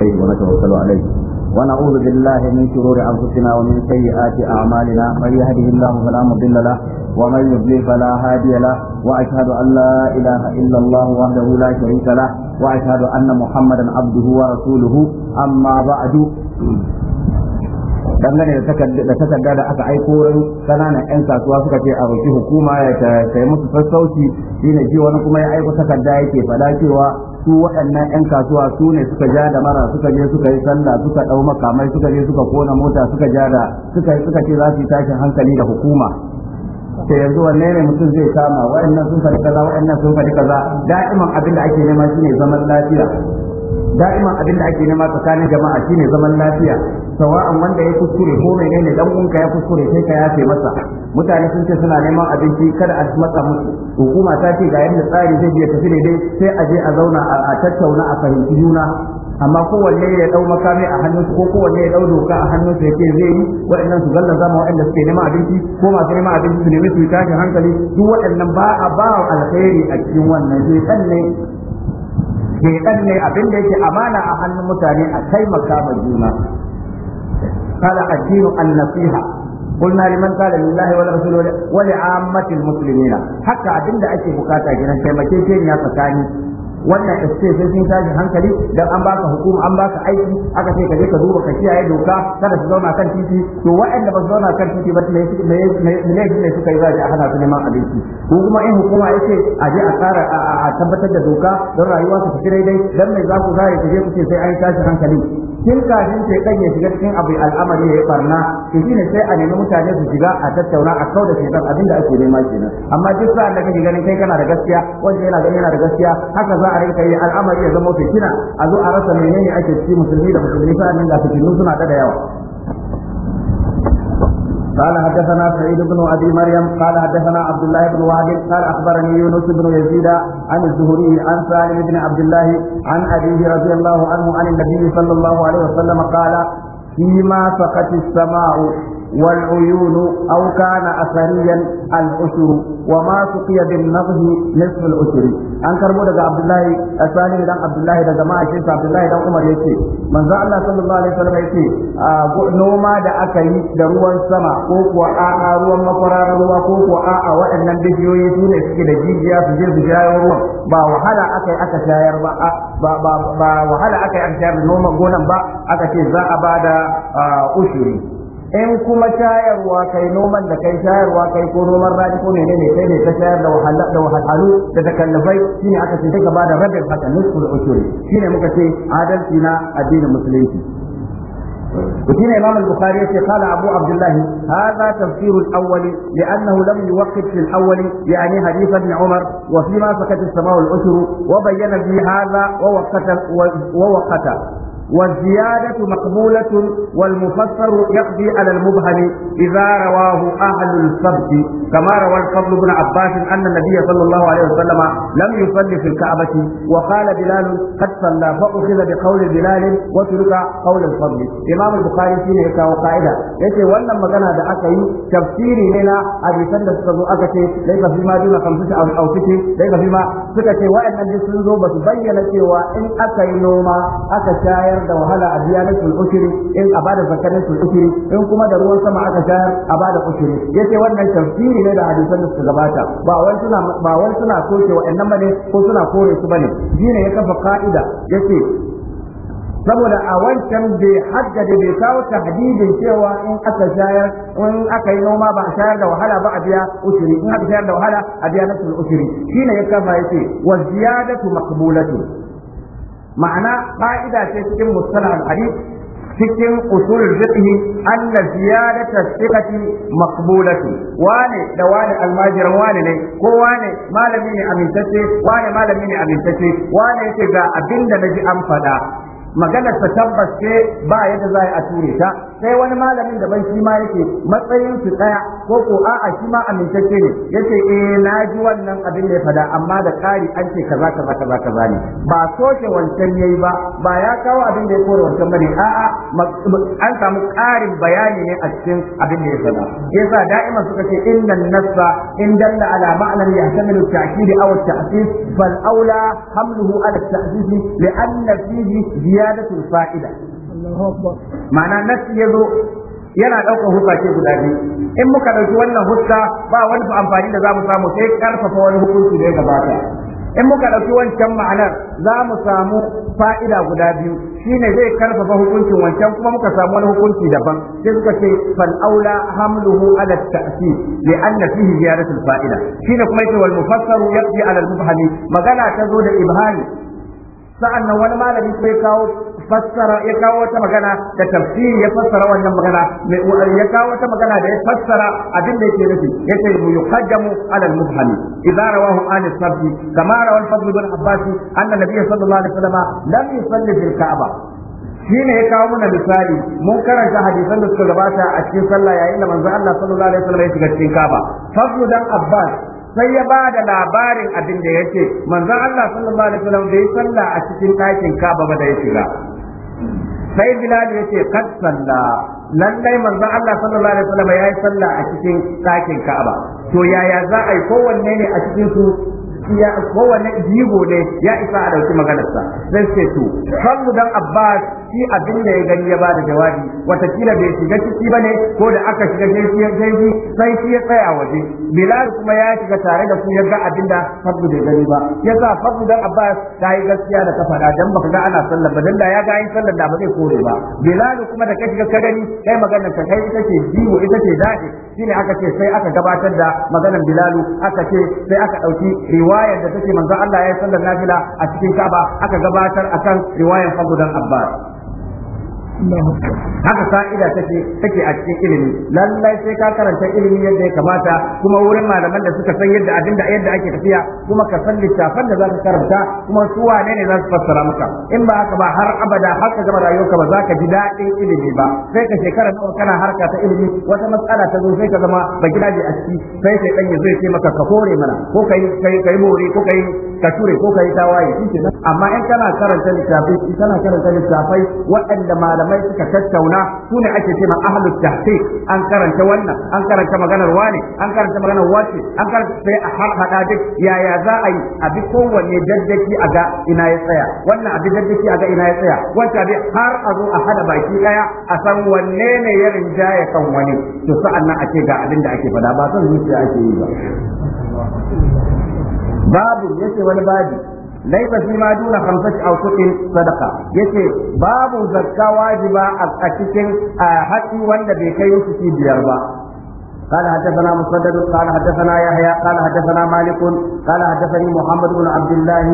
عليه ونتوكل عليه ونعوذ بالله من شرور انفسنا ومن سيئات اعمالنا من يهده الله فلا مضل له ومن يضلل فلا هادي له واشهد ان لا اله الا الله وحده لا شريك له واشهد ان محمدا عبده ورسوله اما بعد dangane da takarda da aka aiko wurin kananan 'yan kasuwa suka ce a roki hukuma ya ta musu sassauci shine ji wani kuma ya aiko takarda yake fada cewa su waɗannan 'yan kasuwa su ne suka ja da mara suka je suka yi sallah suka ɗau makamai suka je suka kona mota suka ja da suka suka ce za su yi tashin hankali da hukuma Ta yanzu wanne ne mutum zai kama waɗannan sun faɗi kaza waɗannan sun faɗi kaza da'iman abin da ake nema shine zaman lafiya da'iman abin da ake nema tsakanin jama'a shine zaman lafiya sawa'an wanda ya kuskure ko menene dan uwanka ya kuskure sai ka yafe masa mutane sun ce suna neman abinci kada a matsa musu hukuma ta ce ga yadda tsari zai je tafi daidai sai a je a zauna a tattauna a fahimci juna amma kowanne ya dau makami a hannunsa ko kowanne ya dau doka a hannunsa ya ce zai yi waɗannan su galla zama waɗanda suke neman abinci ko masu neman abinci su nemi su yi tashin hankali duk waɗannan ba a ba alkhairi a cikin wannan sai ne ne abin da yake amana a hannun mutane a taimaka ma juna قال الدين النصيحة قلنا لمن قال لله ولرسوله ولعامة المسلمين حتى عدد أشي بكاتا جنا كيما كيما tsakani wannan ce sai sun tashi hankali dan an baka hukuma an baka aiki aka ce ka ka duba ka kiyaye doka kada su zauna kan titi to waɗanda ba su zauna kan titi ba me ne ne suka yi zaji a hana su neman abinci ko kuma in hukuma yace a je a tsara a tabbatar da doka don rayuwa su tafi daidai dan mai za ku zai ku je ku ce sai an tashi hankali Kin kafin shaitan ya shiga cikin abu al'amari ya yi barna to shine sai a nemi mutane su shiga a tattauna a kauda da abinda ake nema kenan amma duk sa'an da kake ganin kai kana da gaskiya wanda yana ganin yana da gaskiya haka za a rinka yi al'amari ya zama fitina a zo a rasa menene ake ciki musulmi da musulmi sa'an nan ga fitinu suna da yawa قال حدثنا سعيد بن ابي مريم قال حدثنا عبد الله بن وهب قال اخبرني يونس بن يزيد عن الزهري عن سالم بن عبد الله عن ابيه رضي الله عنه عن النبي صلى الله عليه وسلم قال فيما سقت السماء والعيون أو كان أثريا الأشر وما سقي بالنضه نصف الأشر أن كربو دقى عبد الله أسالي دقى عبد الله دقى ما أشيس عبد الله دقى عمر يكي من ذا الله صلى الله عليه وسلم يكي نوما دا أكي دروا السماء كوكوا آآ روا مقرار روا كوكوا آآ وإن البجيو يسون اسكي دجيجيا سجير بجايا روا با وحالا أكي أكا شاير با ba wahala aka yi amshar noma gonan ba aka ce za a ba da ushuri in kuma shayarwa kai noman da kai shayarwa kai ko noman rani ko menene kai ne ta shayar da wahala da wahalhalu da takallafai shine aka ce ka bada rabin haka nisful ushuri shine muka ce adalci na addinin musulunci وكان الإمام البخاري قال أبو عبد الله هذا تفسير الأول لأنه لم يوقف في الأول يعني حديث ابن عمر وفيما سكت السماء العشر وبين به هذا ووقت ووقت والزيادة مقبولة والمفسر يقضي على المبهم إذا رواه أهل السبت كما روى الفضل بن عباس أن النبي صلى الله عليه وسلم لم يصلي في الكعبة وقال بلال قد صلى فأخذ بقول بلال وترك قول الفضل إمام البخاري فيه يكا وقاعدة يكي ولا مغنى دا أكي تفسيري لنا أبي سنة سبو أكتي ليس فيما دون خمسة أو, أو ستة ليس فيما سكتي وإن أجل سنزو بس بيّنتي وإن أكي نوما أكشايا shayar da wahala a biya nasul ushri in a bada zakar nasul ushri in kuma da ruwan sama aka shayar a bada ushri yace wannan tafsiri ne da hadisan da suka gabata ba wai suna ba wai suna soke wa'annan bane ko suna kore su bane shine ya kafa ka'ida yace saboda a wancan bai da bai kawo tahdidin cewa in aka shayar in aka yi noma ba a shayar da wahala ba a biya ushiri in aka shayar da wahala a biya nasul ushiri shine ya kafa yace wa ziyadatu maqbulatu ma'ana fa'ida ce cikin mustalah al-hadith cikin usulul fiqh anna ziyadata thiqati maqbulatu wane da wane almajiran wane ne ko wane malami ne amintacce wane malami ne amintacce wane yace ga abinda naji an faɗa. magana ta tabbas ce ba yadda za a ture ta sai wani malamin da ban shi ma yake matsayin su tsaya ko ko a'a shi ma amintacce ne yace eh na ji wannan abin da ya fada amma da kari an ce kaza kaza kaza kaza ne ba soke wancan yayi ba ba ya kawo abin da ya kore wancan bane a'a an samu karin bayani ne a cikin abin da ya fada yasa da'iman suka ce innan nassa in dalla ala ma'nan yahtamilu takid aw at-ta'sis fal aula hamluhu ala at li'anna fihi ziyadatu fa'ida ma'ana nasi ya zo yana ɗaukar huska ce guda biyu in muka ɗauki wannan huska ba wani amfani da za mu samu sai ƙarfafa wani hukunci da ya gabata in muka ɗauki wancan ma'anar za mu samu fa'ida guda biyu shine zai karfafa hukuncin wancan kuma muka samu wani hukunci daban sai suka ce fal aula hamluhu ala ta'sir li anna fihi ziyaratu fa'ida shine kuma yake wal mufassaru yaqdi ala al mubhami magana ta zo da ibhami sa'an nan wani malami ko ya kawo fassara ya kawo wata magana da tafsiri ya fassara wannan magana ya kawo wata magana da ya fassara abin da yake nufi yace mu yuqaddamu ala al-mubhami idza rawahu ahli as kama rawa al-fadl bin abbas anna nabiy sallallahu alaihi wasallam lam yusalli fil Ka'aba. shi ne ya kawo mana misali mun karanta hadisan da suka gabata a cikin sallah yayin da manzo Allah sallallahu alaihi wasallam ya shiga cikin Kaaba fadlu dan Abbas sai ya ba da labarin abin da yake manzon Allah sallallahu alaihi wasallam bai sallah a cikin ɗakin Ka'aba ba da ya shiga sai Bilal yace kad salla, lallai manzon Allah sallallahu alaihi wasallam ya yi sallah a cikin ɗakin Ka'aba to yaya za a yi kowanne ne a cikin su ya kowane jigo ne ya isa a dauki maganarsa sai ce to kallu dan abbas shi abin da ya gani ya bada jawabi wata kila bai shiga ciki bane ko da aka shiga jeji sai shi ya tsaya waje bilal kuma ya shiga tare da su ya ga abin da fadu da gani ba yasa fadu dan abbas ta yi gaskiya da kafa da dan baka ga ana sallar ba dan da ya ga yin sallar da ba zai kore ba bilal kuma da ka shiga ka gani kai maganar ka kai ita ce jigo ita ce dace shine aka ce sai aka gabatar da maganar bilal aka ce sai aka dauki riwa riwayar da take manzo Allah ya sallar nafila a cikin Ka'aba aka gabatar akan riwayar Fadlan Abbas haka sa'ida take take a cikin ilimi lallai sai ka karanta ilimi yadda ya kamata kuma wurin malaman da suka san yadda abinda yadda ake tafiya kuma ka san littafan da za ka karanta kuma su wane ne za su fassara maka in ba haka ba har abada har ka gama rayuwarka ba za ka ji daɗin ilimi ba sai ka shekara nawa kana harka ta ilimi wata matsala ta zo sai ka zama ba gidaje a ciki sai sai dan zai ce maka ka hore mana ko kai kai kai more ko kai ka ture ko kai tawaye shi amma in kana karanta littafi kana karanta littafai waɗanda malaman malamai suka tattauna su ne ake cewa ahlus tahqiq an karanta wannan an karanta maganar wani an karanta maganar wace an karanta sai a harhaɗa duk yaya za a yi a bi kowanne daddaki a ga ina ya tsaya wannan a bi daddaki a ga ina ya tsaya wanda bi har a zo a hada baki daya a san wanne ne ya rinja ya kan wani to sa'an nan ake ga abin da ake faɗa ba san zuciya ake yi ba babu yace wani babu laisa fi ma duna khamsati aw suqin sadaqa yace babu zakka wajiba a cikin hatsi wanda bai kai wuce biyar ba قال حدثنا مسدد قال حدثنا يحيى قال حدثنا مالك قال حدثني محمد بن عبد الله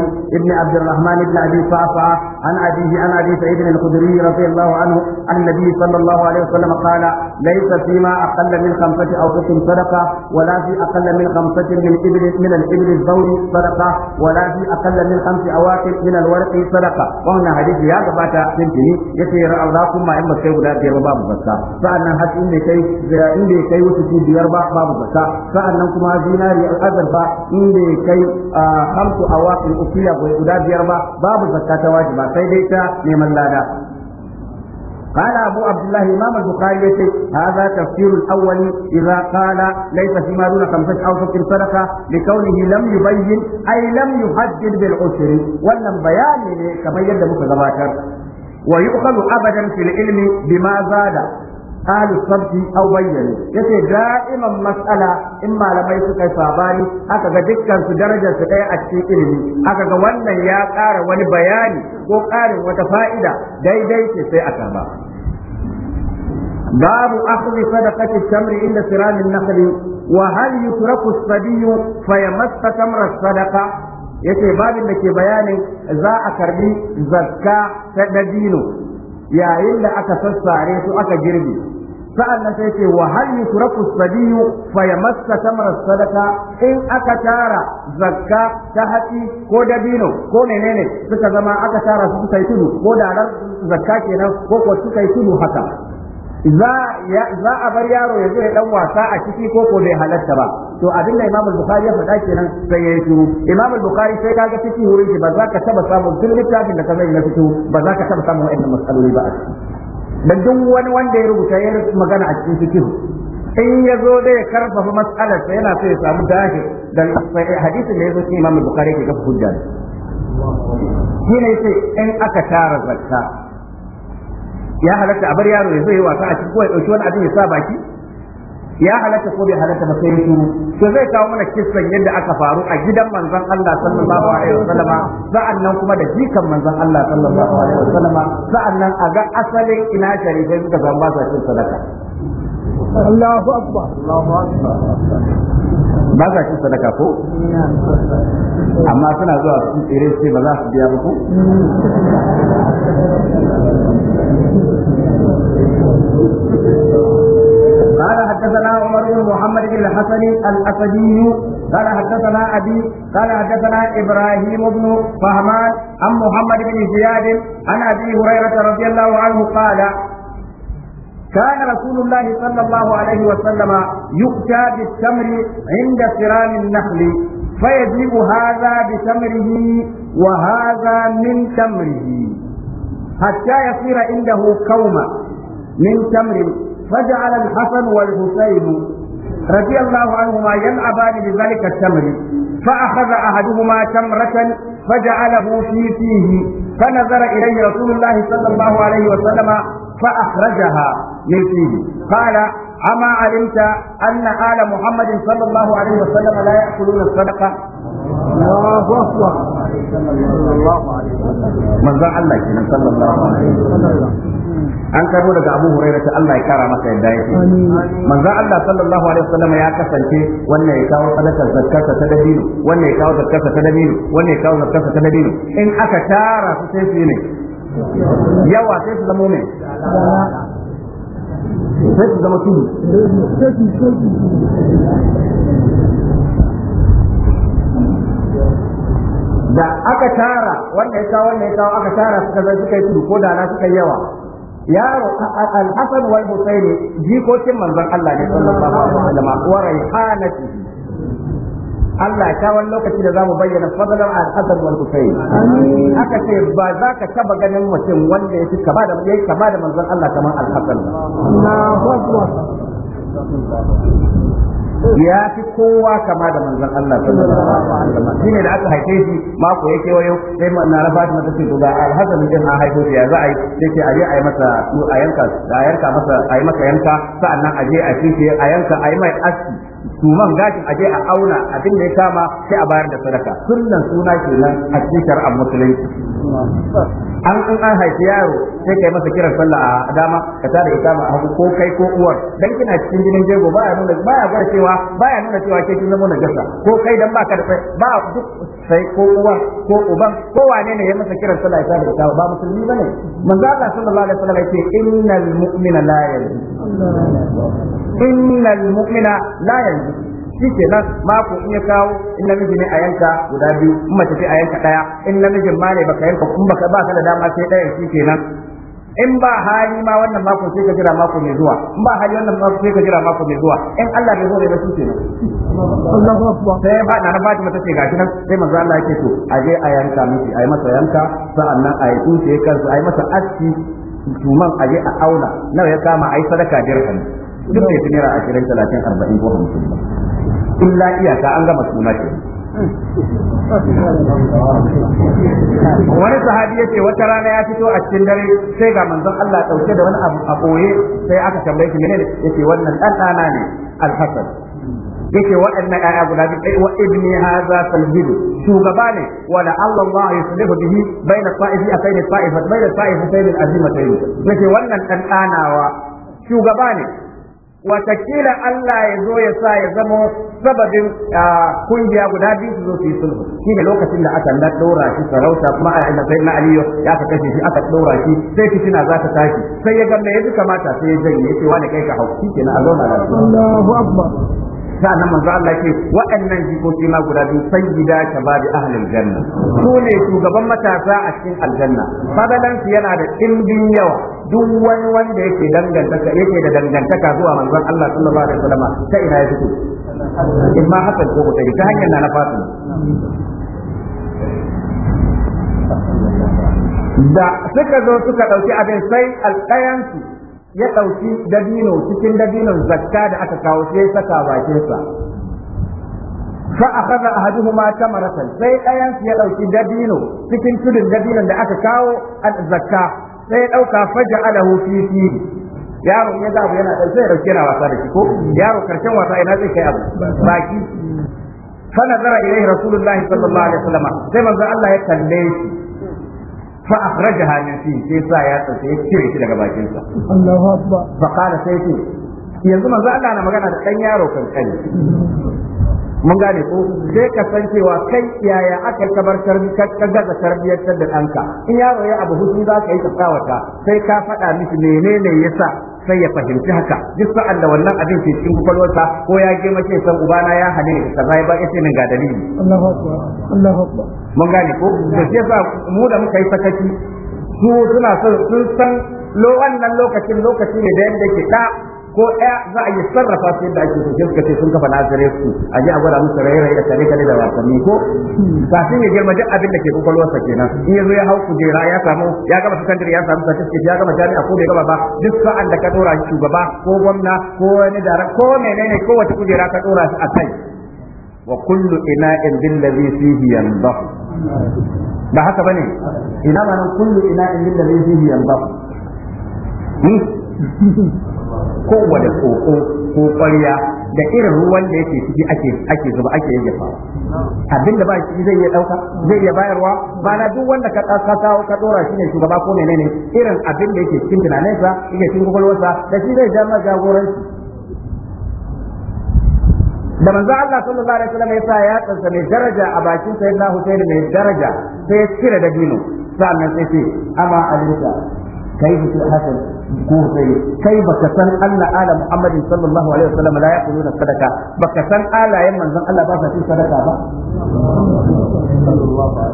بن عبد الرحمن بن ابي صعصع عن ابيه عن ابي سعيد الخدري رضي الله عنه عن النبي صلى الله عليه وسلم قال ليس فيما اقل من خمسه او قسم صدقه ولا في اقل من خمسه من ابل من الابل الزور صدقه ولا في اقل من خمس اواكب من الورق صدقه وهنا حديث يا جماعه تنتهي يتي راوكم ما ان بكاي غدا بيربا بسا فانا حتى اني كي اني كي biyar ba babu zakka sa'annan kuma zinari azurfa in bai kai hamsu awaqin ukiya guda biyar ba babu zakka ta wajiba sai dai ta neman lada قال أبو عبد الله إمام البخاري هذا تفسير الأول إذا قال ليس فيما دون خمسة أوسط صدقة لكونه لم يبين أي لم يحدد بالعسر ولم بيان كما يبدو كذباتر ويؤخذ أبدا في العلم بما زاد ahli sabti aw bayyana yace da'iman matsala in malamai suka sabani aka ga dukkan su darajar su ɗaya a cikin ilimi aka ga wannan ya ƙara wani bayani ko ƙarin wata fa'ida daidai ce sai a karba باب أخذ صدقة التمر عند سرام النخل وهل يترك الصبي فيمس تمر الصدقة yace babin da ke bayanin za a karɓi zakka ta dabino yayin da aka sassare su aka girbe sa'annan sai ce wa hal yusrafu sadiyu fa yamassa tamra sadaka in aka tara zakka ta hatsi ko dabino ko menene suka zama aka tara su suka yi tudu ko da zakka kenan ko ko suka yi tudu haka za a bar yaro ya zo ya dan wasa a ciki ko ko bai halatta ba to abin da imamul Bukhari ya faɗa kenan sai ya shiru Imam Bukhari sai ga cikin wurin shi ba za ka taba samun duk littafin da ka zai na fito ba za ka taba samun wa'annan matsaloli ba a ciki dan duk wani wanda ya rubuta ya magana a cikin fikihu in ya zo da ya karfafa matsalarsa yana so ya samu dahi dan hadisin da ya zo cikin Bukhari ke kafa hujja ne sai in aka tara zakka ya halatta a bar yaro ya zai wasa a cikin kowai ya wani abin ya sa baki ya halatta ko bai halatta ba sai su to zai kawo mana kissan yadda aka faru a gidan manzon Allah sallallahu alaihi wasallama nan kuma da jikan manzon Allah sallallahu alaihi wasallama nan a ga asalin ina sharifai suka zama ba su cin sadaka Allahu akbar Allahu akbar ba sa cin sadaka ko amma suna zuwa su tsere sai ba za su biya ba ko قال حدثنا عمر بن محمد بن الحسن الاسدي قال حدثنا ابي قال حدثنا ابراهيم بن فهمان عن محمد بن زياد عن ابي هريره رضي الله عنه قال كان رسول الله صلى الله عليه وسلم يؤتى بالتمر عند صرام النخل فيجيب هذا بتمره وهذا من تمره حتى يصير عنده كوم من تمر فجعل الحسن والحسين رضي الله عنهما يلعبان بذلك التمر فأخذ أحدهما تمرة فجعله في فيه فنظر إليه رسول الله صلى الله عليه وسلم فأخرجها من فيه قال أما علمت أن آل محمد صلى الله عليه وسلم لا يأكلون الصدقة الله أكبر من ذا الله كنا صلى الله عليه وسلم an karbo daga Abu Huraira ta Allah ya kara masa yadda yake manzo Allah sallallahu alaihi wasallam ya kasance wannan ya kawo sadakar zakkarsa ta dabino wannan ya kawo zakkarsa ta dabino wannan ya kawo zakkarsa ta dabino in aka tara su sai su ne yawa sai su zama ne sai su zama tudu da aka tara wanda ya kawo wanda ya kawo aka tara suka zai suka yi tudu ko da na suka yi yawa yaro al-hasan wal husaini jikokin manzon Allah ne sallallahu alaihi sallam wa raihanatihi Allah ya kawo lokaci da za mu bayyana fadalar al-Hasan wal Husayn aka ce ba za ka taba ganin mutum wanda yake kama da yake kama da manzon Allah kamar al-Hasan Allahu akbar ya fi kowa kama da manzon Allah sallallahu alaihi wasallam shine da aka haife shi mako ya kewayo sai na rafa shi ce to ga al-Hasan din an haife ya za a yi sai ce aje a yi masa a yanka a yanka masa a yi masa yanka sa'annan a shi a yanka a yi mai aski Suman gashin aje a auna abin da ya kama sai a bayar da sadaka sunnan suna kenan a cikin shari'ar musulunci an in an haifi yaro sai kai masa kiran sallah a dama ka tada ikama a hagu ko kai ko uwar dan kina cikin jinin jego ya nuna ya gwada cewa ya nuna cewa ke kin zama gasa ko kai dan baka da ba duk sai ko uwar ko uban ko wane ne ya masa kiran sallah ya tada ikama ba musulmi bane manzo Allah sallallahu alaihi wasallam ya ce innal mu'mina la yanzu innal mu'mina la yanzu shike nan mako in ya kawo in namiji ne a yanka guda biyu in mace ce a yanka daya in namijin ma ne baka yanka kun baka ba ka da dama sai daya shike nan in ba hali ma wannan mako sai ka jira mako mai zuwa in ba hali wannan mako sai ka jira mako mai zuwa in Allah bai zo da su nan. Allahu akbar sai ba na Fatima tace gashi nan sai manzo Allah yake to a je a yanka miki a yi masa yanka sa'annan a yi kunce kansa a yi masa aski tuman a je a auna nawa ya kama a yi sadaka jirkan duk da fi naira ashirin talatin arba'in ko hamsin ba la'iya ta an gama suna ce wani sahabi ya ce wata rana ya fito a cikin dare sai ga manzon Allah ɗauke da wani abu a ɓoye sai aka tambaye shi menene ya ce wannan ɗan ɗana ne alhassan yake waɗannan ƴaƴa guda biyu wa ibni hadha falhidu shugaba ne wa la Allah Allah yuslihu bihi baina ta'ifi akayn ta'ifa baina ta'ifa sayyid al-azimatayn yake wannan dan ɗanawa shugaba ne watakila Allah ya zo ya sa ya zama sababin kungiya guda biyu su zo su yi sulhu shine lokacin da aka na dora shi sarauta kuma a da sai na aliyu ya ka kashe shi aka dora shi sai fitina za ta tashi sai ya ga me yafi kamata sai ya janye ya ce wani kai ka hauki kenan a zauna Allahu akbar sa'annan manzo Allah ce waɗannan jikoki ma guda biyu sayyida shababi ahlil janna su ne shugaban matasa a cikin aljanna fadalan yana da ɗimbin yawa duk wani wanda yake dangantaka yake da dangantaka zuwa manzon Allah sallallahu alaihi wasallam ta ina ya fito in ma haka ko ta ta hanyar na na fatima da suka zo suka ɗauki abin sai alƙayansu ya ɗauki dabino cikin dabinon zakka da aka kawo sai saka sa fa akhadha ahaduhuma tamaratan sai ɗayan ya ɗauki dabino cikin tudun dabinon da aka kawo al zakka sai ɗauka faja alahu fi fi yaro ya zabu yana ɗauke ya ɗauke yana wasa da shi ko yaro karshen wasa ina zai kai abu baki fa nazara ilayhi rasulullahi sallallahu alaihi wasallam sai manzo Allah ya kalle shi fa akhrajaha min fi sai sa ya tsaye ya cire shi daga bakin sa Allahu akbar fa qala sai ce yanzu manzo Allah na magana da dan yaro kan kai mun gane ko sai ka san cewa kai yaya aka kabar tarbiyyar ka gaza tarbiyyar da danka in yaro ya abu hudu za ka yi tsawata sai ka faɗa miki menene yasa sai ya fahimci haka duk sa'an da wannan abin ke cikin kwakwalwarsa ko ya girma ce san ubana ya hadu da kaza ya ba ya ce min ga dalili Allahu mun gane ko da sai yasa mu da muka yi sakaci su suna son sun san lo wannan lokacin lokaci ne da yadda ke ɗa. ko ɗaya za a yi sarrafa su yadda ake sun suka ce sun kafa nazare su a je a gwada musu raye-raye da kare-kare da wasanni ko kafin yi girma duk abin da ke kwakwalwarsa kenan in ya ya hau kujera ya samu ya gama sakandare ya samu certificate ya gama jami'a ko bai gama ba duk sa'an da ka dora shi shugaba ko gwamna ko wani dara ko menene ko wata kujera ka dora shi a kai wa kullu ina'in billazi fihi yanzahu ba haka bane ina ma nan kullu ina'in billazi fihi yanzahu hmm? Ko kowane koko ko ƙwarya da irin ruwan da yake ciki ake ake zuba ake yayyafa abin da ba shi zai iya ɗauka, zai iya bayarwa ba na duk wanda ka ka shi ne shugaba ko menene irin abin da yake cikin tunaninsa yake cikin kwakwalwarsa da shi zai ja jagoranci da manzo Allah sallallahu alaihi wasallam ya sa ya tsansa mai daraja a bakin sayyidina Husayn mai daraja sai ya cire da dino sannan sai ce ama alinka kai fi hasan ko sai kai baka san Allah ala Muhammadin sallallahu alaihi wasallam la yaquluna sadaka baka san alayen manzon Allah ba sa cin sadaka ba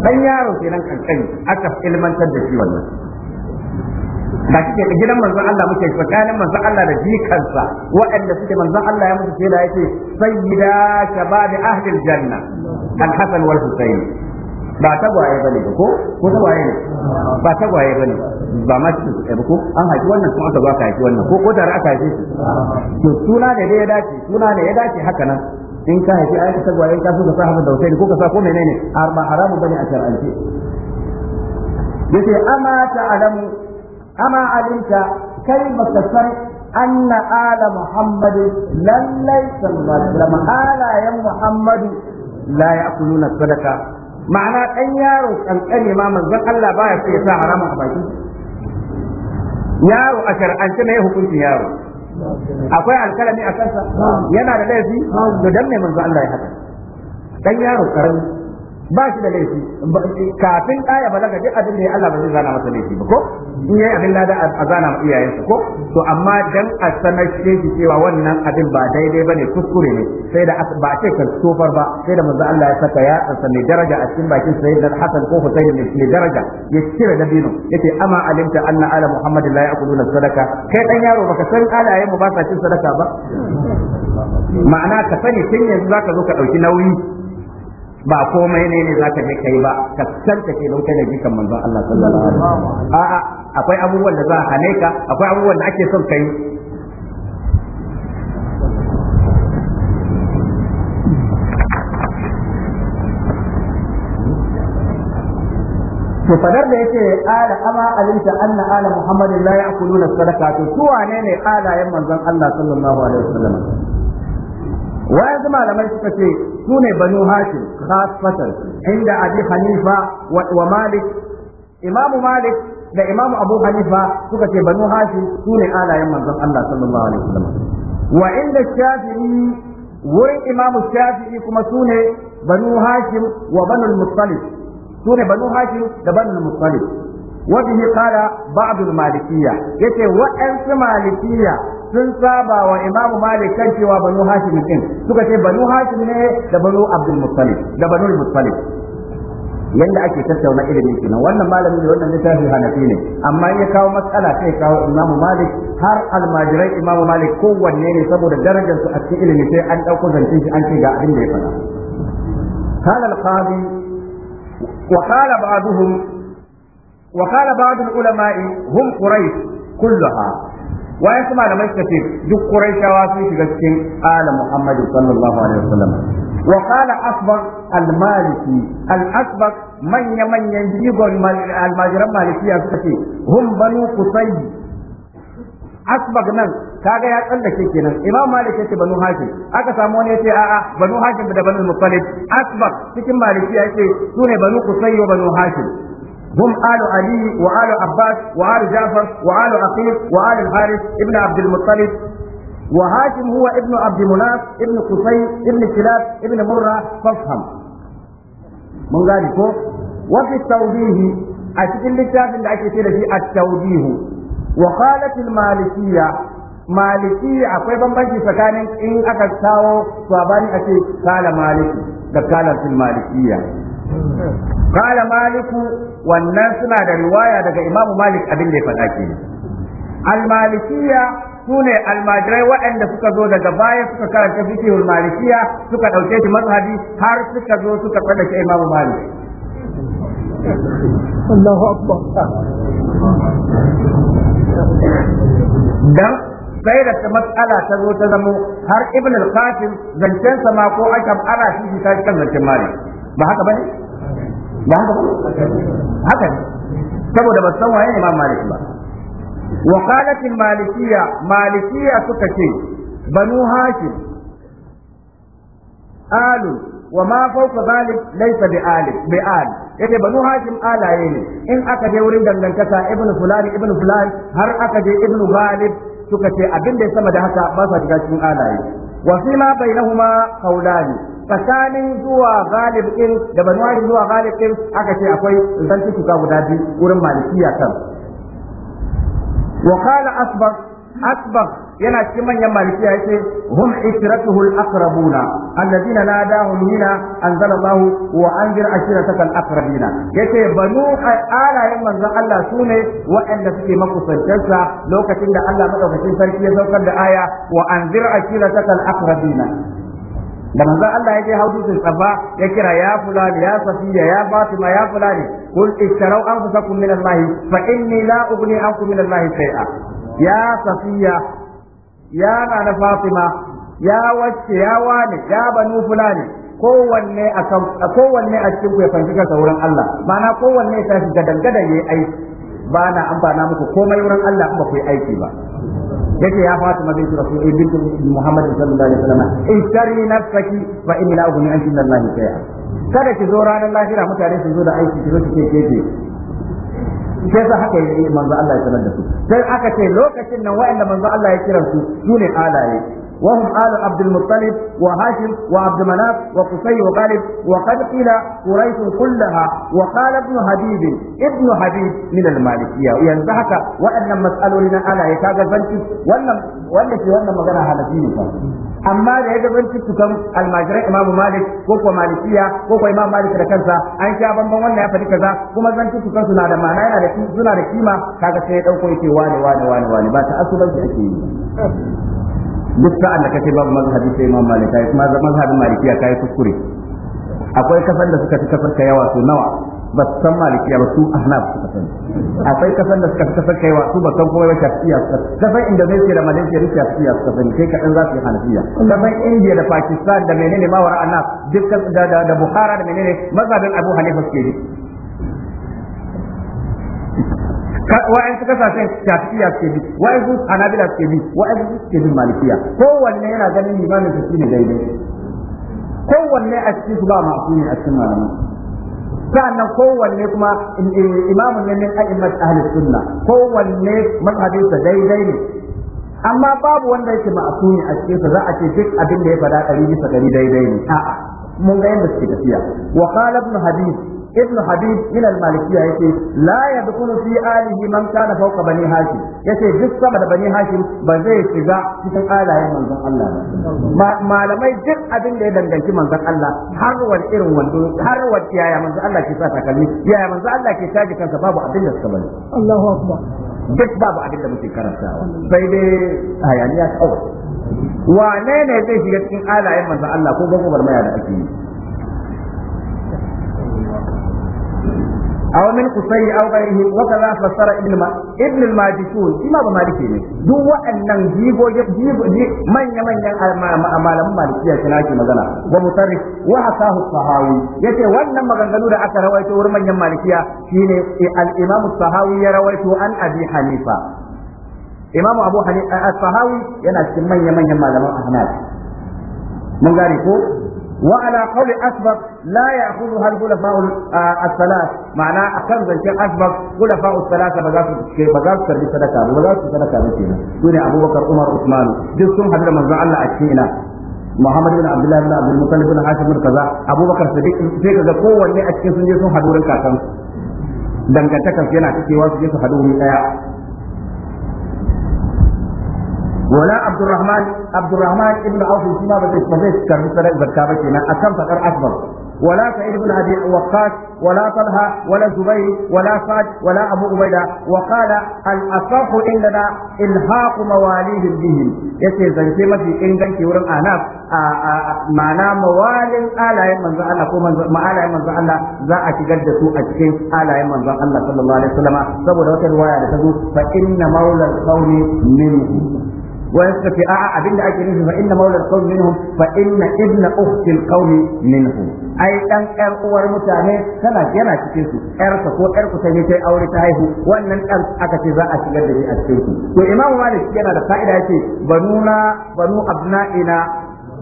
dan yaro kenan kankani aka ilmantar da shi wannan da kike da gidan manzon Allah muke tsakanin manzon Allah da jikansa waɗanda suke manzon Allah ya mutu sai da yake sayyida shabab ahli aljanna al-hasan wal husayn ba tagwaye bane ko ko tagwaye ne ba tagwaye bane ba ma cikin ba ko an haifi wannan kuma aka zo aka haifi wannan ko ko tare aka haife shi to suna ne ya dace suna ne ya dace haka nan in ka haifi ayyuka gwaye ka so ka sa haka da Hussein ko ka sa ko menene har ba haramu bane a shar'ance yace ama alamu ama alimta kai baka san أن Ala محمد lallai ليس الله عليه وسلم آل محمد لا يأكلون ma'ana ɗan yaro ƙanƙani ma manzon Allah baya sai ya sa haramun a yaro a shar'ance ya hukuncin yaro akwai alkalami a kansa yana da laifi to dan mai manzo Allah ya haka dan yaro karami ba shi da laifi kafin ɗaya balaga duk abin da ala Allah ba zai zana masa laifi ba ko in yayi abin da a zana ma iyayensa ko to amma dan a sanar shi cewa wannan abin ba daidai bane kuskure ne sai da ba ce ka tofar ba sai da manzo Allah ya saka ya tsansa daraja a cikin bakin sayyidina Hassan ko Husayn mai daraja ya cire dabino yace amma alimta anna ala muhammadin la ya'kuluna sadaka kai dan yaro baka san alayen mu ba sa cin sadaka ba ma'ana ka sani tun yanzu zaka zo ka dauki nauyi ba komai ne ne zaka je kai ba ka tantance da wutar jikan manzon Allah sallallahu alaihi wasallam a'a akwai abubuwan da za a hane ka akwai abubuwan da ake son kai to fadar da yake ala ama alinta anna ala muhammadin la ya'kuluna sadaka to su wane ne yan manzon Allah sallallahu alaihi wasallam yanzu malamai suka ce sune banu hashim khasfatan inda abi hanifa wa malik imamu malik da imamu abu hanifa suka ce banu hashim sune alayen manzon Allah sallallahu alaihi wasallam wa inda shafi'i wurin imamu shafi'i kuma sune banu hashim wa banu al-muttalib sune banu hashim da banu al-muttalib وبه قال بعض المالكية يتي وأنس مالكية sun saba wa imamu malik kan cewa banu hashim din suka ce banu hashim ne da banu abdul muttalib da banu muttalib yanda ake tattauna ilimin kenan wannan malami ne wannan littafi hanafi ne amma ya kawo matsala sai kawo imamu malik har almajirai imamu malik kowanne ne saboda darajar su a cikin ilimi sai an dauko zance shi an ce ga abin da ya faɗa قال القاضي وقال بعضهم وقال بعض العلماء هم قريش كلها wayan su malamai suka ce duk quraishawa sun shiga cikin ala muhammad sallallahu alaihi wasallam wa qala asbar al-maliki al asbar manya manyan jigon almajiran malikiya suka ce hum banu qusay asbar nan kaga ya tsallake kenan imam malik yace banu hashim aka samu wani yace a'a banu hashim da banu muttalib asbar cikin malikiya yace sune banu qusay wa banu hashim هم آل علي وآل عباس وآل جعفر وآل عقيل وآل الحارث ابن عبد المطلب وهاشم هو ابن عبد مناف ابن قصي ابن كلاب ابن مرة فافهم من ذلك وفي التوجيه أشكل للشاف اللي أشكل في التوجيه وقالت المالكية مالكية أقوى بمبنجي فكان إن أكد ساو فأباني أشي قال مالكي da kalar malikiya qala maliku wannan suna da riwaya daga imamu malik abin da ya faɗa al-malikiyya sune almajirai waɗanda suka zo daga baya suka karanta fiqhul malikiya suka ɗauke shi mazhabi har suka zo suka shi imamu malik Allahu dan sai da ta matsala ta zo ta zamo har ibn al-qasim zancen sa ma ko aka ara shi shi ta kan zancen mali. ba haka ne ba haka ba haka ne saboda ba san waye Imam maliki ba wa qalat al-malikiyya malikiyya suka ce banu hashim alu wa ma fawqa zalik laysa bi ali bi al yace banu hashim alaye ne in aka je wurin dangantaka ibnu fulani ibnu fulani har aka je ibnu ghalib suka ce abin da ya sama da haka ba sa shiga cikin alaye wa fi ma bainahuma qawlani tsakanin zuwa ghalib ɗin da banu zuwa ghalib ɗin aka ce akwai zanci kuka guda biyu wurin malikiya kan wa asbar asbar yana cikin manyan malikiya yace hum ikratuhu al na alladhina nadahum hina anzala Allah wa anzir ashirataka al-aqrabina yace banu alayen manzon Allah sune waɗanda suke makusantarsa lokacin da Allah madaukakin sarki ya saukar da aya wa anzir ashirataka al akrabina. da manzon Allah ya je haudu sun tsafa ya kira ya fulani ya safiya ya fatima ya fulani kul ishtarau anfusakum min Allah fa inni la an ankum min Allah shay'a ya safiya ya nana fatima ya wacce ya wani ya banu fulani kowanne a kowanne a cikin ku ya fanci kansa wurin Allah mana kowanne ya tashi gadan gadan yayi aiki ba na amfana muku komai wurin Allah ba ku yi aiki ba yace ya Fatima bintu Rasul bintu Muhammad sallallahu alaihi wasallam in sharri nafsaki fa inni la ughni anki min Allah shay'a kada ki zo ranar lahira mutane su zo da aiki ki zo ki ce ke sai sa haka yi manzo Allah ya sanar da su sai aka ce lokacin nan wa'anda manzo Allah ya kira su su ne alaye وهم آل عبد المطلب وهاشم وعبد مناف وقصي وغالب وقد قيل قريش كلها وقال ابن حبيب ابن حبيب من المالكية ينزحك وأن مسألة لنا أنا يكاد زنتي ولا في ولا مغنى هذا amma da ya gabanci kusan almajiran imamu malik ko kuwa malikiya ko kuwa imam da kansa an sha bamban wannan ya faɗi kaza kuma zanci kusan suna da ma'ana yana da suna da kima kaga sai ya dauko ba ta yi duk sa'an da kace babu mazhabi sai imam malik kai kuma mazhabin malikiya kai kuskure akwai kasan da suka fi kasar kai yawa su nawa ba san malikiya ba su ahnaf suka san akwai kasan da suka fi kasar kai yawa su ba san kuma ba shafiya kasan indonesia da malaysia duk shafiya suka san kai kadan za su yi hanafiya kasan india da pakistan da menene ma wara ahnaf duk da da bukhara da menene mazhabin abu hanifa suke yi wa'ansu kasashen shafi'iyya suke bi wa'ansu hanabila suke bi wa'ansu suke bin malikiya kowanne yana ganin limamin su shine daidai kowanne a cikin su ba ma'asumi a cikin malami sa'annan kowanne kuma imamun ne min a'immat ahli sunna kowanne mazhabinsa daidai ne amma babu wanda yake ma'asumi a cikin sa za a ce duk abin da ya faɗa ɗari bisa ɗari daidai ne a'a mun ga yadda suke tafiya wa qala ibn hadith ibn habib min al-malikiyya yace la yadkhulu fi alihi man kana fawqa bani hashim yace duk sama da bani hashim ba zai shiga cikin alayen manzon Allah malamai duk abin da ya danganci Allah har wani irin wando har wani yaya manzon Allah ke sa takalmi yaya manzon Allah ke taji kansa babu abin da suka duk babu abin da muke karantawa sai dai hayaniya kawai wane ne zai shiga cikin alayen manzon Allah ko gogobar maya da ake yi aw من قصي aw ghairihi wa فسر ابن ibn ابن ibn al majishun shi ma ba maliki ne duk waɗannan jigo jigo manya manyan malaman malikiya shi nake magana wa mutarrif wa hasahu yace wannan maganganu da aka rawaito wurin manyan malikiya shine al imam sahawi ya rawaito an abi hanifa imamu abu hanifa as-sahawi yana cikin manya manyan malaman ahnaf mun gane ko وعلى قول أسبق لا يأخذها الخلفاء الثلاث معناه أكثر من شيء أسبق خلفاء الثلاثة بذات سربي صدقة بذات صدقة بسينا دون أبو بكر عمر عثمان جسم حضر من الله أشينا Muhammad bin Abdullah bin Abdul Muttalib Abubakar Sadiq sai kaga kowanne a cikin sun je sun hadu ran kakan dangantakar yana cikewa su je su hadu daya wala Abdulrahman abdurrahman ibn auf shi ma ba zai karbi sadaka zakka ba kenan akan fadar akbar ولا سعيد بن ابي وقاص ولا طلحه ولا زبير ولا سعد ولا ابو عبيده وقال الاصح عندنا الحاق مواليهم بهم yace zance mafi inganci wurin ana, ma'ana mawalin alayen manzon Allah ko ma'alayen za a shigar da su a cikin alayen manzon Allah sallallahu saboda wata riwaya da ta zo fa inna maulal qawmi minhu wai suka ce a'a abinda ake nufi fa inna maulal qaum minhum fa inna ibna ukhti alqaum minhum ai dan yar uwar mutane tana yana cikin su yar ka ko yar ku sai kai aure ta haihu wannan dan aka ce za a shigar da shi a cikin su to imamu malik yana da fa'ida yace banuna banu abna'ina